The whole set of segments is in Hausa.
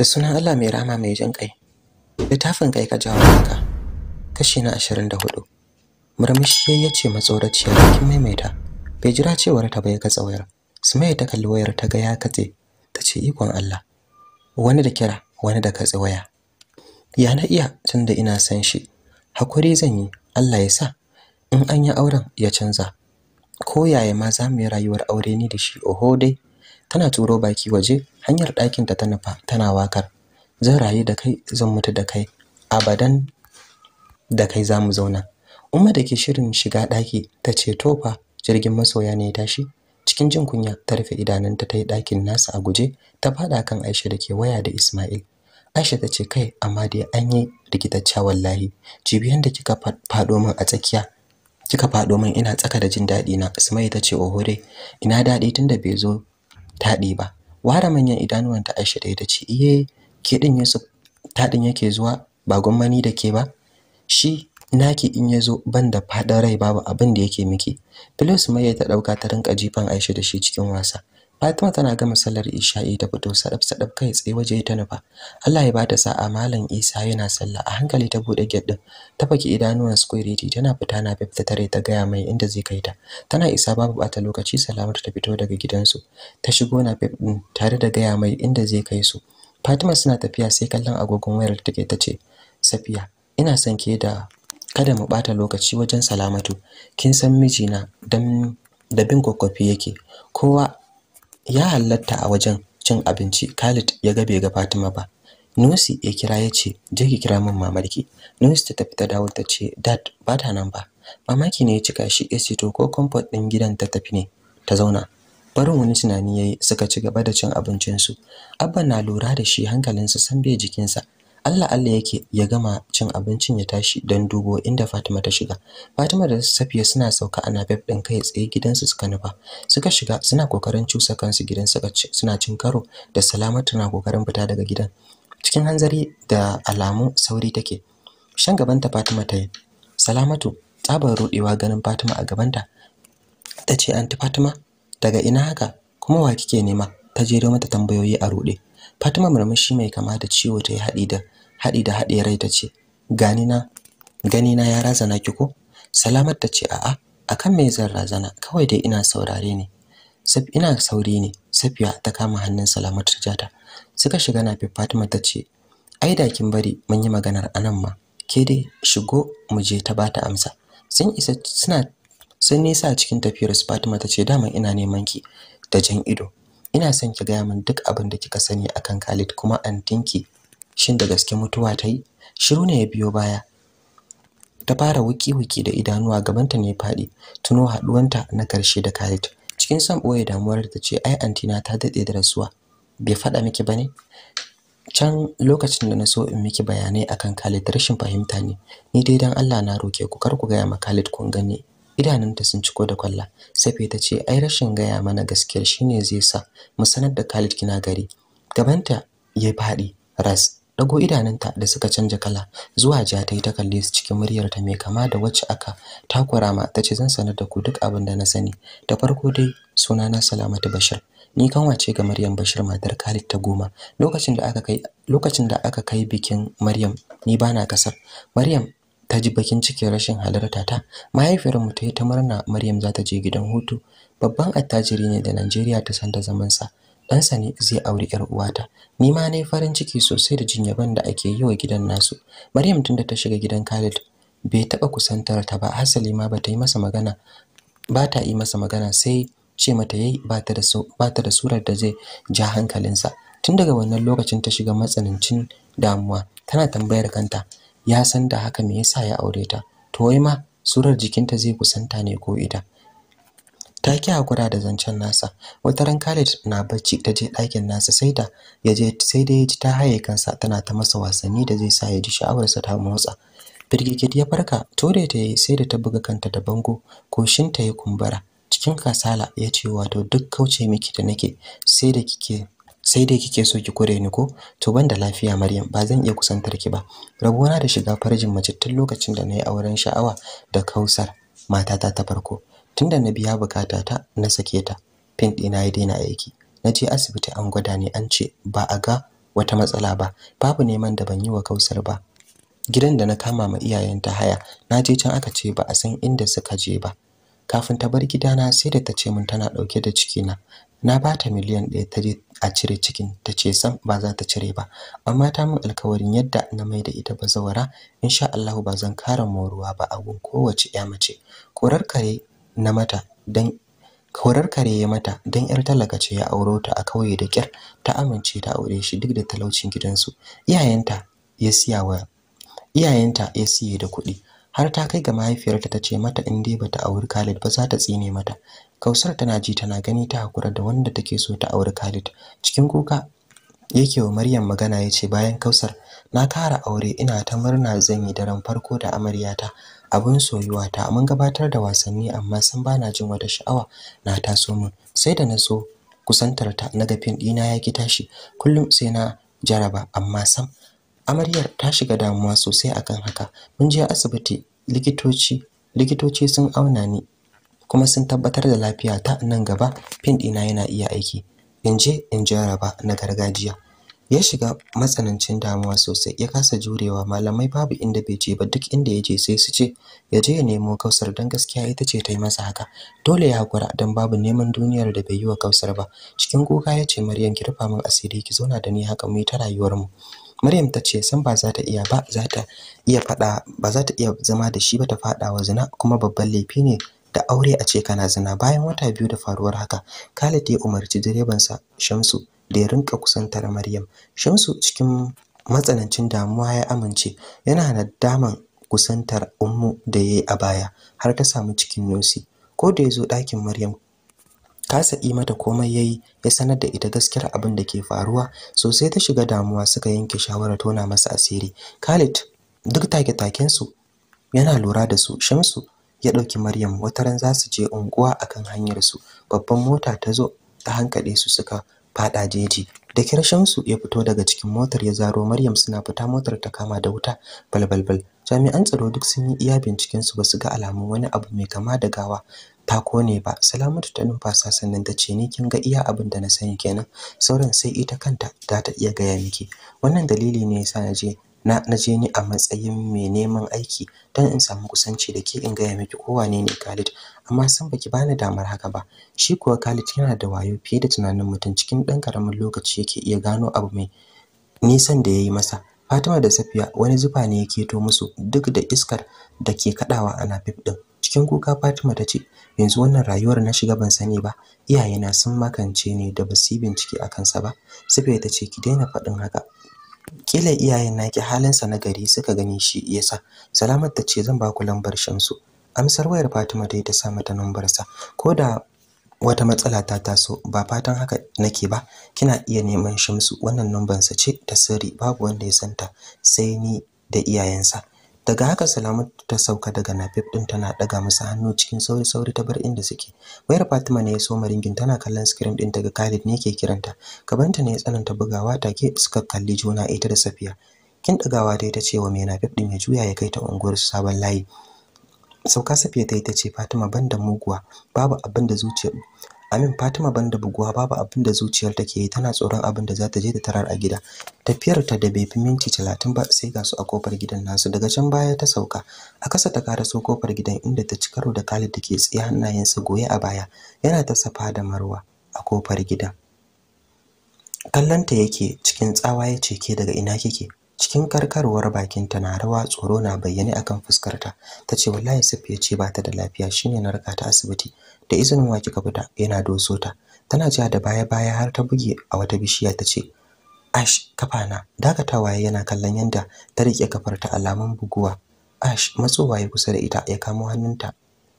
da sunan Allah mai rama mai jin kai littafin kai ka jawo haka kashi na 24 murmushi ya ce matsoraciya kin maimaita bai jira cewar ta bai ga tsawayar Sumaya ta kalli wayar ta ga ya katse ta ce ikon Allah wani da kira wani da katse waya ya na iya tunda ina san shi hakuri zan yi Allah ya sa in an yi auren ya canza ko yaya ma za mu yi rayuwar aure ni da shi oho dai tana turo baki waje hanyar ɗakin ta nufa tana wakar zan rayu da kai zan mutu da kai abadan da kai za mu zauna umma da ke shirin shiga ɗaki ta ce tofa jirgin masoya ne ya tashi cikin jin kunya ta rufe idanunta ta yi ɗakin nasa a guje ta faɗa kan aisha da ke waya da ismail aisha ta ce kai amma dai an yi rikitacciya wallahi jibiyan da kika faɗo min a tsakiya kika faɗo min ina tsaka da jin daɗi na ismail ta ce ohore ina daɗi tunda bai zo ta ɗiba ware manyan idanuwanta Aisha da ta ce iye ke ɗin Yusuf ta ɗin yake zuwa ba gwamnani da ke ba shi naki in ya zo ban da faɗin rai babu abin da yake miki plus mai ya ta ɗauka ta rinka jifan Aisha da shi cikin wasa Fatima tana gama sallar Isha'i da fito sadaf sadaf kai tsaye waje ta nufa. Allah ya bata sa'a Malam Isa yana sallah a hankali ta bude gate din. Ta faki idanuwan security tana fita na fifta tare ta gaya mai inda zai kai ta. Tana isa babu bata lokaci Salamatu ta fito daga gidansu. Ta shigo na fif tare da gaya mai inda zai kai su. Fatima suna tafiya sai kallon agogon wayar take ta ce Safiya ina son ke da kada mu bata lokaci wajen Salamatu. Kin san mijina dan da bin kokofi yake. Kowa ya halatta a wajen cin abinci Khalid ya ga bai ga Fatima ba Nusi ya kira ya ce je ki kira min mamarki Nusi ta tafi ta dawo ta ce dad ba ta nan ba mamaki ne ya cika shi ya ce to ko comfort din gidan ta tafi ne ta zauna barin wani tunani yayi suka ci gaba da cin abincin su abba na lura da shi hankalinsa san bai jikinsa Allah Allah yake ya gama cin abincin ya tashi don dubo inda Fatima ta shiga. Fatima da Safiya suna sauka ana bab din kai tsaye gidansu suka nufa. Suka shiga suna kokarin cusa kansu gidan suka suna cin karo da Salamatu tana kokarin fita daga gidan. Cikin hanzari da alamu sauri take. Shan gabanta Fatima ta yi. Salamatu tsabar rudewa ganin Fatima a gabanta. Ta ce anti Fatima daga ina haka kuma wa kike nema? Ta jero mata tambayoyi a rude. Fatima murmushi mai kama da ciwo ta yi haɗi da haɗi da haɗe rai ta ce gani na ya razana ki ko Salamat ta ce a'a akan me zan razana kawai dai ina saurare ne Saf ina sauri ne Safiya ta kama hannun Salamat ta jata suka shiga na Fatima ta ce ai da kin bari mun yi maganar anan ma ke dai shigo mu je ta bata amsa sun isa suna sun nisa cikin tafiyar Fatima ta ce dama ina neman ki da jan ido ina son ki gaya min duk abin da kika sani akan Khalid kuma antinki shin da gaske mutuwa ta yi shiru ne ya biyo baya ta fara wuki-wuki da idanuwa gabanta ne faɗi tuno haɗuwanta na karshe da Khalid cikin son ɓoye damuwar ta ce ai antina ta daɗe da rasuwa bai faɗa miki bane can lokacin da na so in miki bayanai akan Khalid rashin fahimta ne ni dai dan Allah na roke ku kar ku gaya ma Khalid kun gane idanunta sun ciko da kwalla safe ta ce ai rashin gaya mana gaskiyar shine zai sa mu sanar da Khalid kina gari gabanta ya fadi ras dago idanunta da suka canja kala zuwa ja ta ta kalle su cikin muryar ta mai kama da wacce aka takura ma ta ce zan sanar da ku duk abin da na sani da farko dai suna sunana Salamatu Bashir ni wace ga Maryam Bashir matar Khalid ta goma lokacin da aka kai lokacin da aka kai bikin Maryam ni bana kasar Maryam ta ji bakin cikin rashin halarta ta mahaifiyar mu ta yi ta murna Maryam za ta je gidan hutu babban attajiri ne da Najeriya ta san da zaman sa ɗansa ne zai auri 'yar uwata ni ma nayi farin ciki sosai da jin yaban da ake yi wa gidan nasu Maryam tunda ta shiga gidan Khalid bai taba kusantar ta ba hasali ma bata yi masa magana ba ta yi masa magana sai ce mata yayi ba ta da ba ta da surar da zai ja hankalinsa tun daga wannan lokacin ta shiga matsanancin damuwa tana tambayar kanta ya san da haka me yasa ya aure ta to wai ma surar jikinta zai kusanta ne ko ita ta ki hakura da zancen nasa wata ran Khalid na bacci ta je ɗakin nasa sai da ya je sai da ya ji ta haye kansa tana ta masa wasanni da zai sa ya ji sha'awarsa ta motsa firgigit ya farka da ta yi sai da ta buga kanta da bango ko ta yi kumbura cikin kasala ya ce wato duk kauce miki da nake sai da kike sai dai kike so ki kure ni ko to banda lafiya Maryam ba zan iya kusantar ki ba rabuwa da shiga farjin mace tun lokacin da nayi auren sha'awa da Kausar matata ta farko tunda na biya bukata ta na sake ta pin ɗina ya daina aiki na je asibiti an gwada ni an ce ba a ga wata matsala ba babu neman da ban yi wa Kausar ba gidan da na kama ma iyayen ta haya na je can aka ce ba a san inda suka je ba kafin ta bar gidana sai da ta ce mun tana dauke da ciki na na ba ta miliyan ɗaya ta je a cire cikin ta ce sam ba za ta cire ba amma ta min alkawarin yadda na mai da ita bazawara insha Allah ba zan kara moruwa ba a gun kowace ya mace korar kare na mata dan korar kare ya mata dan yar talaka ce ya auro ta a kauye da kyar ta amince ta aure shi duk da talaucin gidansu iyayenta ya siya wa iyayenta ya siye da kuɗi har ta kai ga mahaifiyarta ta ce mata in dai bata auri Khalid ba za ta tsine mata Kausar tana ji tana gani ta hakura da wanda take so ta auri Khalid cikin kuka yake wa Maryam magana yace bayan Kausar na kara aure ina ta murna zan yi daren farko da amaryata abun soyuwa ta mun gabatar da wasanni amma san bana jin wata sha'awa na taso mun sai da na so kusantar ta na gafin dina ya ki tashi kullum sai na jaraba amma sam amaryar ta shiga damuwa sosai akan haka mun je asibiti likitoci likitoci sun auna ni kuma sun tabbatar da lafiya ta nan gaba pin ɗina yana iya aiki in je in jaraba na gargajiya ya shiga matsanancin damuwa sosai ya kasa jurewa malamai babu inda bai je ba duk inda ya je sai su ce ya je ya nemo kausar don gaskiya ita ce ta yi masa haka dole ya hakura don babu neman duniyar da bai yi wa kausar ba cikin kuka ya ce maryam ki rufa min asiri ki zauna da ni haka mu yi ta rayuwarmu Maryam ta ce san ba za ta iya ba za ta iya fada ba za ta iya zama da shi ba ta fada zina kuma babban laifi ne da aure a ce kana zina bayan wata biyu da faruwar haka Khalid ya umarci direbansa Shamsu da ya rinka kusantar Maryam Shamsu cikin matsanancin damuwa ya amince yana daman kusantar Ummu da yayi a baya har ta samu cikin nosi ko da yazo ɗakin Maryam kasa yi mata komai yayi ya sanar da ita gaskiyar abin da ke faruwa sosai ta shiga damuwa suka yanke shawara tona masa asiri Khalid duk take-taken su yana lura da su Shamsu ya dauki Maryam wataran za su je unguwa akan hanyar su babban mota ta zo ta hankale su suka fada jeji da kira Shamsu ya fito daga cikin motar ya zaro Maryam suna fita motar ta kama da wuta balbalbal jami'an tsaro duk sun yi iya binciken su basu ga alamu wani abu mai kama da gawa ta kone ba salamatu ta numfasa sannan ta ce ni kin ga iya abin da na sani kenan sauran sai ita kanta za ta iya gaya miki wannan dalili ne yasa na je na naje ni a matsayin mai neman aiki don in samu kusanci da ke in gaya miki ko wane ne Khalid amma san baki bani damar haka ba shi kuwa Khalid yana da wayo fiye da tunanin mutum cikin dan karamin lokaci yake iya gano abu mai nisan da yayi masa Fatima da Safiya wani zufa ne ya keto musu duk da iskar da ke kadawa ana fif din cikin kuka Fatima ta ce yanzu wannan rayuwar na shiga ban sani ba iyayena sun makance ne da basu yi bincike a kansa ba Safiya ta ce ki daina faɗin haka kila iyayen naki halinsa na gari suka gani shi yasa Salamat ta ce zan ba ku lambar Shamsu amsar wayar Fatima dai ta sa mata lambar Ko da wata matsala ta taso ba fatan haka nake ba kina iya neman Shamsu wannan lambar sa ce ta sirri babu wanda ya santa sai ni da iyayensa daga haka salamatu ta sauka daga nafif din tana daga musu hannu cikin sauri sauri ta bar inda suke wayar fatima ne ya so maringin tana kallon screen din daga khalid ne yake kiranta kabanta ne ya tsananta bugawa take suka kalli juna ita da safiya kin dagawa dai ta ce wa mai nafif din ya juya ya kai ta unguwar su sabon layi sauka safiya ta yi ta ce fatima banda muguwa babu abin da zuciya. Amin Fatima banda buguwa babu abin da zuciyar take yi tana tsoron abin da za ta je da tarar a gida. Tafiyar ta da bai fi minti talatin ba sai ga su a kofar gidan nasu daga can baya ta sauka. A kasa ta kara so kofar gidan inda ta ci karo da Khalid dake ke tsaye hannayensa goye a baya yana ta safa da Marwa a kofar gidan. Kallanta yake cikin tsawa ya ce ke daga ina kike cikin karkarwar bakin ta na rawa tsoro na bayyane akan fuskarta ta ce wallahi safiya ce ba ta da lafiya shine na raka ta asibiti da izinin wa kika fita yana doso ta tana jiya da baya baya har ta buge a wata bishiya ta ce ash (kafa kafana dakatawa yana kallon yanda ta rike kafar ta alamun buguwa ash matsowa ya kusa da ita ya kamo hannunta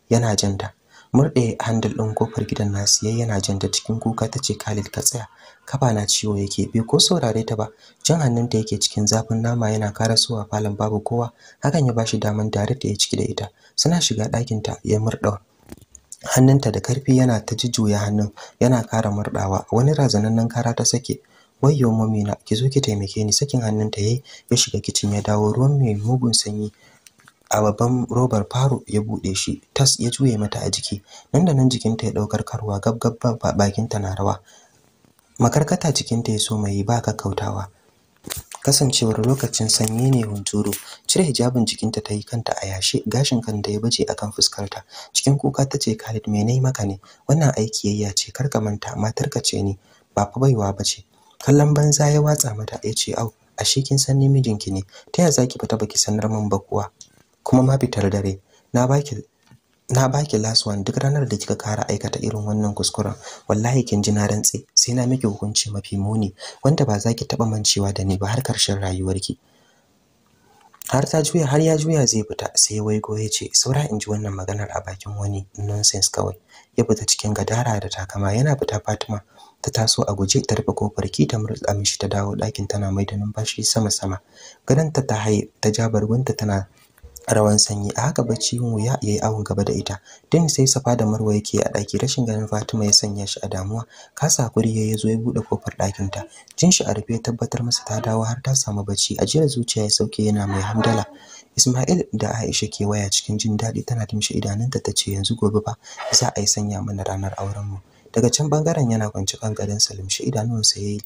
yana janta murde handle din kofar gidan nasu yayin yana janta cikin kuka tace Khalid ka tsaya na ciwo yake bi ko saurare ta ba jan hannunta yake cikin zafin nama yana karasowa falon babu kowa hakan ya bashi daman tare ta ya ciki da ita suna shiga ɗakin ta ya murda hannunta da karfi yana ta jujjuya hannun yana kara murɗawa wani razanannen kara ta sake wayyo mamina ki zo ki taimake ni sakin hannunta yayi ya shiga kicin ya dawo ruwan mai mugun sanyi a babban robar faro ya bude shi tas ya juye mata a jiki nan da nan jikinta ya daukar karwa gab bakinta na rawa makarkata jikinta ya so mai ba kakkautawa kasancewar lokacin sanyi ne hunturu cire hijabin jikinta ta yi kanta a yashe gashin kan da ya baje akan fuskarta cikin kuka ta ce Khalid me nayi maka ne wannan aiki yayya ce kar ka manta matarka ce ni ba fa baiwa ba ce kallon banza ya watsa mata ya ce au ashe kin san ni mijinki ne ta ya zaki fita baki sanar min ba kuwa kuma ma fitar dare na baki na baki last one duk ranar da kika kara aikata irin wannan kuskuren wallahi kin ji na rantse sai na miki hukunci mafi muni wanda ba za ki taba mancewa da ni ba har karshen rayuwarki har ta juya har ya juya zai fita sai wai waigo ya ce saura in ji wannan maganar a bakin wani nonsense kawai ya fita cikin gadara da takama yana fita Fatima ta taso a guje ta rufe kofar ki ta murtsa mishi ta dawo ɗakin tana mai da numfashi sama sama gadanta ta ta haye ta ja bargunta tana rawan sanyi a haka bacci yin wuya yayi awon gaba da ita dan sai safa da marwa yake a daki rashin ganin Fatima ya sanya shi a damuwa kasa hakuri yayi zo ya bude kofar dakin ta jin shi a rufe tabbatar masa ta dawo har ta samu bacci a jira zuciya ya sauke yana mai hamdala Ismail da Aisha ke waya cikin jin daɗi tana tumshi idanunta ta ce yanzu gobe ba za a yi sanya mana ranar auren mu daga can bangaren yana kwance kan gadon Salim shi idanunsa yayi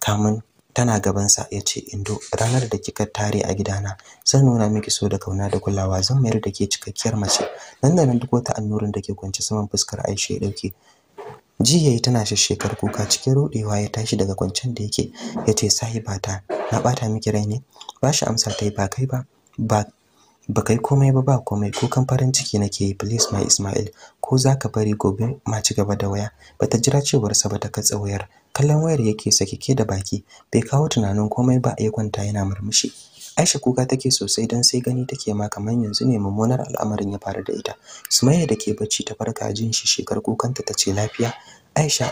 kamun tana gabansa ya ce indo ranar da kika tare a gidana zan nuna miki so da kauna da kulawa zan mayar da ke cikakkiyar mace nan da nan duk wata annurin da ke kwance saman fuskar aisha ya dauke ji yayi tana shekar kuka cikin ruɗewa ya tashi daga kwancen da yake ya ce sahibata na bata miki rai ne ba shi amsa ta yi ba kai ba ba ba kai komai ba ba komai kukan farin ciki nake yi please my Ismail ko zaka bari gobe ma ci gaba da waya bata jira cewar sa ba ta katse wayar kallon wayar yake sakike da baki bai kawo tunanin komai ba ya kwanta yana murmushi Aisha kuka take sosai dan sai gani take ma kamar yanzu ne mummunar al'amarin ya faru da ita. Sumayya da ke bacci ta farka jin shi shekar kukanta ta ce lafiya. Aisha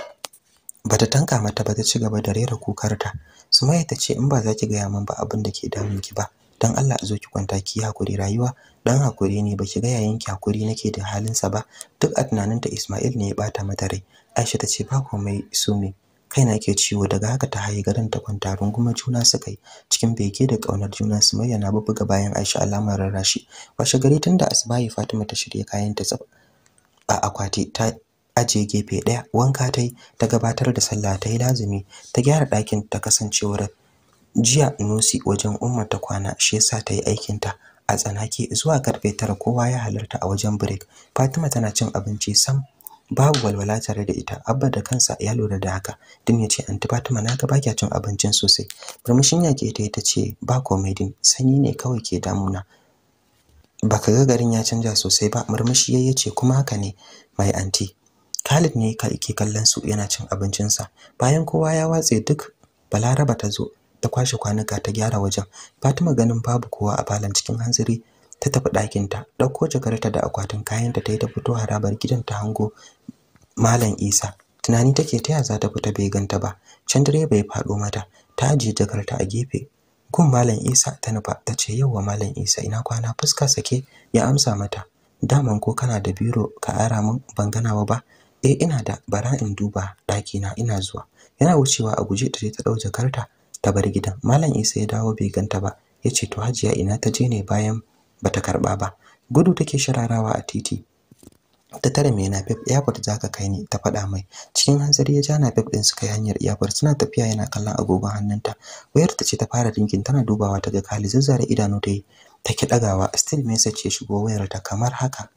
bata tanka mata ba ta ci gaba da rera kukarta. Sumayya ta ce in ba za ki gaya min ba abin da ke damun ki ba. Dan Allah zo ki kwanta ki hakuri rayuwa dan hakuri ne baki ga yayin ki hakuri nake da halin sa ba duk a tunaninta Ismail ne ya bata mata rai. Aisha ta ce ba komai su kaina ke ciwo daga haka ta haye garin ta kwanta runguma juna suka yi cikin beke da kaunar juna su mayyana ga bayan Aisha alamar rarrashi washe gari tunda asbahi Fatima ta shirya kayan ta a akwati ta aje gefe daya wanka ta ta gabatar da sallah ta yi lazumi ta gyara ɗakin ta kasancewar jiya nosi wajen umma ta kwana shi yasa ta yi aikin ta a tsanake zuwa karfe tara kowa ya halarta a wajen break Fatima tana cin abinci sam babu walwala tare da ita abba da kansa ya lura da haka din ya ce anti fatima na ga baki cin abincin sosai murmushin yake ita ita ce ba komai din. sanyi ne kawai ke damuna baka ga garin ya canja sosai ba murmushi yayi ce kuma haka ne mai anti Khalid ne ka ke kallon su yana cin abincin sa bayan kowa ya watse duk Balaraba ta zo ta kwashe kwanuka ta gyara wajen Fatima ganin babu kowa a falon cikin hanzari ta tafi ɗakin ta ɗauko jakarta da akwatin kayan ta yi ta fito harabar gidan ta hango malam isa tunani take taya za ta fita bai ganta ba can direba ya faɗo mata ta je jakarta a gefe gun malam isa ta nufa ta ce yauwa malam isa ina kwana fuska sake ya amsa mata daman ko kana da biro ka ara min ban ganawa ba eh ina da bara in duba ɗakina ina zuwa yana wucewa a guje ta ta ɗau jakarta ta bar gidan malam isa ya dawo bai ganta ba ya ce to hajiya ina ta je ne bayan bata karba ba gudu take shararawa a titi ta tare mai pep airport zaka kai ni ta faɗa mai cikin hanzari ya ja pep din suka yi hanyar airport suna tafiya yana kallon agogon hannunta wayar ta ce ta fara dinkin tana dubawa ta ga Kali zazzare idanu ta yi take dagawa still message ya shigo wayar ta kamar haka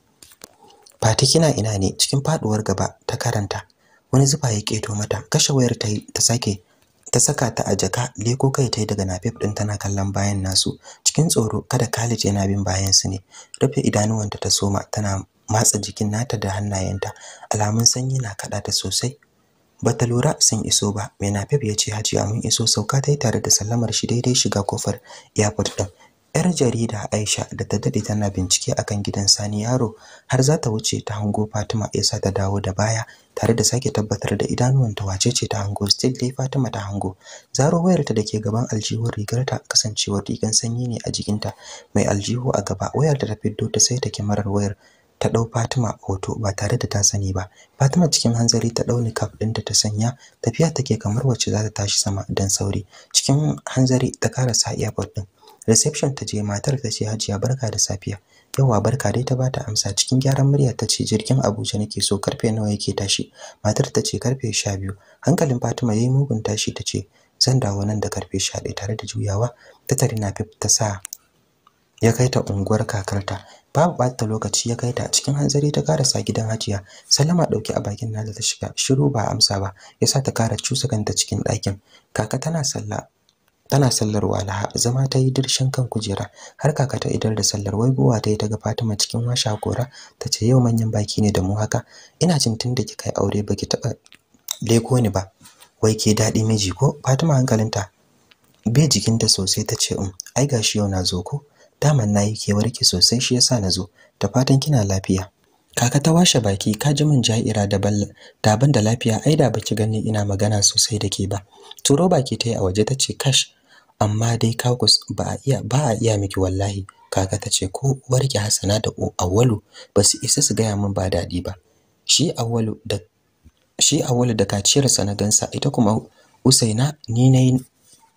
Fati kina ina ne cikin faduwar gaba ta karanta wani zufa ya keto mata kashe wayar ta ta sake ta saka ta a jaka leko kai ta daga Nafif din tana kallon bayan nasu cikin tsoro kada Khalid yana bin bayan su ne rufe idanuwanta ta soma tana matsa jikin nata da hannayenta alamun sanyi na kada ta sosai bata lura sun iso ba mai Nafif ya ce hajiya mun iso sauka ta tare da sallamar shi daidai shiga kofar airport din 'yar jarida Aisha da ta dade tana bincike akan gidan Sani Yaro har za ta wuce ta hango Fatima Isa ta dawo da baya tare da sake tabbatar da idanuwanta ce ta hango still dai Fatima ta hango zaro wayarta dake gaban aljihun ta kasancewar rigan sanyi ne a jikinta mai aljihu a gaba wayar ta fiddo ta sai ta kyamarar wayar ta dau Fatima hoto ba tare da ta sani ba Fatima cikin hanzari ta dauni kaf ɗinta ta sanya tafiya take kamar wacce za ta tashi sama dan sauri cikin hanzari ta karasa iya din reception ta je matar ta ce hajiya barka da safiya yawa barka dai ta bata amsa cikin gyaran murya ta ce jirgin Abuja nake so karfe nawa yake tashi matar ta ce karfe sha biyu. hankalin Fatima yayi mugun tashi ta ce zan dawo nan da karfe 11 tare da juyawa ta tare na fif ta sa ya kai ta unguwar kakarta babu ɓata lokaci ya kai ta cikin hanzari ta sa gidan Hajiya Salama ɗauki a bakin nata ta shiga shiru ba amsa ba yasa ta kara cusa kanta cikin ɗakin kaka tana sallah tana sallar walaha zama ta yi dirshin kan kujera har kaka ta idar da sallar wai ta yi ta ga Fatima cikin washa hakora ta ce yau manyan baki ne da mu haka ina jin tun da kika yi aure baki taba leko ni ba wai ke daɗi miji ko Fatima hankalinta bai jikinta sosai ta ce um ai gashi yau na zo ko daman yi kewar ki sosai shi yasa na zo ta fatan kina lafiya kaka ta washe baki ka ji min ja'ira daban da lafiya ai da baki gani ina magana sosai da ke ba turo baki ta yi a waje ta ce kash amma dai kakus ba a iya ba a iya miki wallahi kaka ta ce ko uwarki Hassana da Awwalu ba su isa su gaya min ba daɗi ba shi Awwalu da shi Awwalu da na gansa ita kuma Usaina ni nayi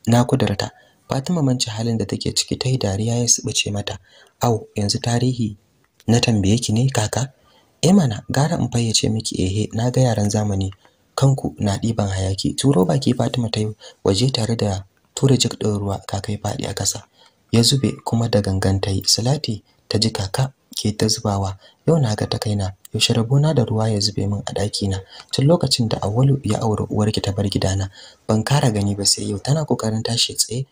na kudarta Fatima manci halin da take ciki ta yi dariya ya subuce mata au yanzu tarihi na tambaye ki ne kaka eh gara in fayyace miki ehe na ga yaran zamani kanku na ɗiban hayaki turo baki Fatima ta waje tare da tura jik ɗin ruwa kakai kai faɗi a ƙasa ya zube kuma da gangan ta yi salati ta ji kaka ke ta zubawa yau na ga ta kaina yaushe rabona da ruwa ya zube min a ɗakina tun lokacin da awalu ya auri uwar ki ta bar gidana ban kara gani ba sai yau tana kokarin tashi tsaye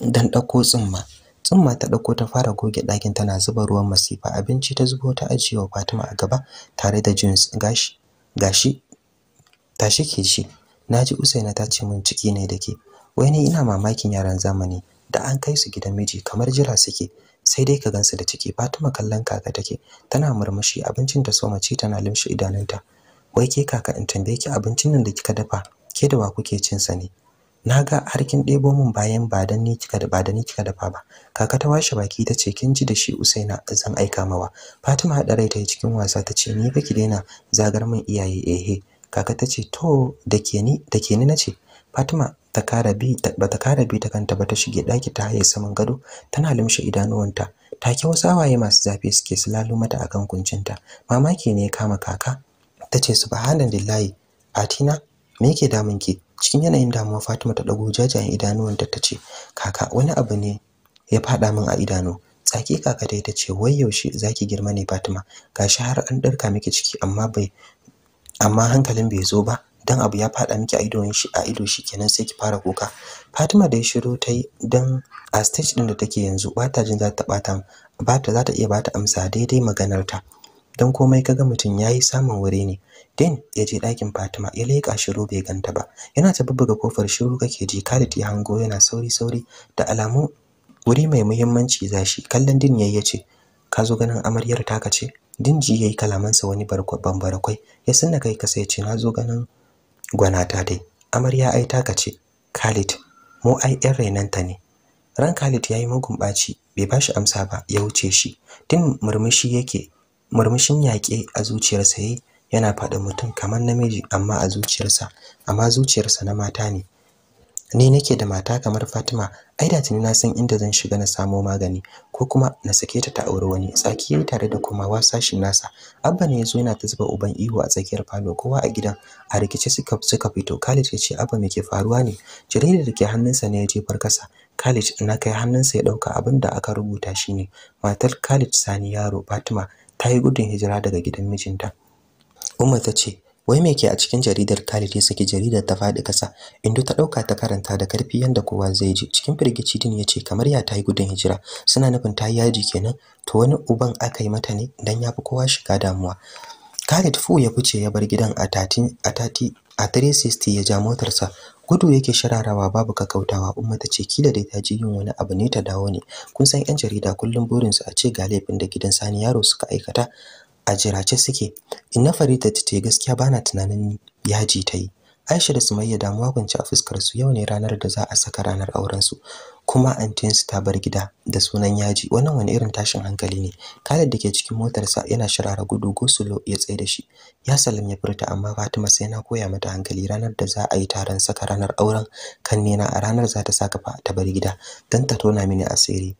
dan ɗauko tsumma tsumma ta ɗauko ta fara goge ɗakin tana zuba ruwan masifa abinci ta zubo ta ajiye wa fatima a gaba tare da jeans gashi gashi tashi ke shi naji usaina ta ce min ciki ne da ke wai ni ina mamakin yaran zamani da an kai su gidan miji kamar jira suke sai dai ka gansu da ciki Fatima kallon kaka take tana murmushi abincin da soma mace tana limshi idanunta wai ke kaka in tambaye ki abincin nan da kika dafa ke da wa kuke cin sa ne ga har kin ɗebo min bayan ba dan ni kika da ba dan ni kika dafa ba kaka ta washe baki ta ce kin ji da shi Usaina zan aika mawa Fatima haɗa rai ta yi cikin wasa ta ce ni baki ki daina zagar min iyaye ehe kaka ta ce to da ke ni da ke ni nace Fatima ta kara bi ta bata kara bi ta kanta ba ta shige daki ta haye saman gado tana lumshe idanuwanta ta wasu hawaye masu zafi suke sulalu mata akan kuncinta mamaki ne ya kama kaka tace subhanallahi fatina me yake damun ki cikin yanayin damuwa Fatima ta dago jajayen idanuwanta tace kaka wani abu ne ya fada min a idanu tsaki kaka dai tace wai yaushe zaki girma ne Fatima gashi har an dirka miki ciki amma bai amma hankalin bai zo ba dan abu ya fada miki a idon shi a ido kenan sai ki fara kuka Fatima da ya shiru tai dan a stage din da take yanzu bata jin za ta bata bata za ta iya bata amsa daidai maganar ta dan komai kaga mutun yayi samun wuri ne din ya je dakin Fatima ya leka shiru bai ganta ba yana ta bubbuga kofar shiru kake ji Khalid ya hango yana sauri sauri da alamu wuri mai muhimmanci zashi kallon din yayi yace ka zo ganin amaryar ta kace din dinji yayi kalamansa wani bambarakwai ya sanna kai ka sai ce na zo ganin gwanata dai amarya ai taka ce Khalid mu ai ƴan renanta ne ran Khalid yayi mugun baci bai bashi amsa ba ya wuce shi tun murmushi yake murmushin yaƙe a zuciyarsa yayi yana faɗin mutum kamar namiji amma a zuciyarsa amma zuciyarsa na mata ne ni nake da mata kamar Fatima ai da tuni na san inda zan shiga na samo magani ko kuma na sake ta ta aure wani tsaki tare da wasa wasashin nasa abba ne yazo yana ta zuba uban ihu a tsakiyar falo kowa a gidan a rikice suka suka fito Khalid ya ce abba me ke faruwa ne Jarida da ke hannunsa ne ya jefar kasa Khalid na kai hannunsa ya dauka abin da aka rubuta shine matar Khalid Sani yaro Fatima ta yi gudun hijira daga gidan mijinta Umar ta ce wai me ke a cikin jaridar Khalid ya saki jaridar ta faɗi kasa indo ta dauka ta karanta da karfi yanda kowa zai ji cikin firgici din yace kamar ya tayi gudun hijira suna nufin tayi yaji kenan to wani uban aka yi mata ne dan yafi kowa shiga damuwa Khalid fu ya fice ya bar gidan a 30 a 30 a 360 ya ja motarsa gudu yake shararawa babu kakautawa umma ta ce kila dai ta ji yin wani abu ne ta dawo ne kun san yan jarida kullum burinsu a ce ga laifin da gidan sani yaro suka aikata a jirace suke inna farida ta ce gaskiya bana tunanin yaji ta yi aisha da sumayya damuwa kwance a fuskar su yau ne ranar da za a saka ranar auren su kuma su ta bar gida da sunan yaji wannan wani irin tashin hankali ne Khalid da ke cikin sa yana shirara gudu gosulo ya tsaye da shi ya salam ya furta amma Fatima sai na koya mata hankali ranar da za a yi taron saka ranar auren kan na a ranar za ta saka fa ta bar gida dan ta tona mini asiri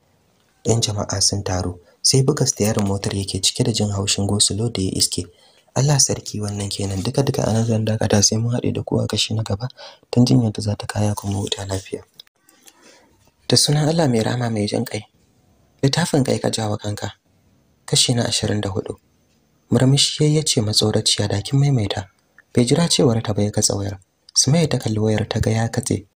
yan jama'a sun taro sai buga yaron motar yake cike da jin haushin gosulo da ya iske Allah sarki wannan kenan duka duka a nan dakata sai mun haɗe da kowa kashi na gaba don jin yadda za ta kaya kuma wuta lafiya da sunan Allah mai rama mai jin kai littafin kai ka jawo kanka kashi na ashirin 24 murmushi ya ce matsoraciya dakin maimaita bai jira cewar ta bai ka tsawayar Sumaya ta kalli wayar ta ga ya katse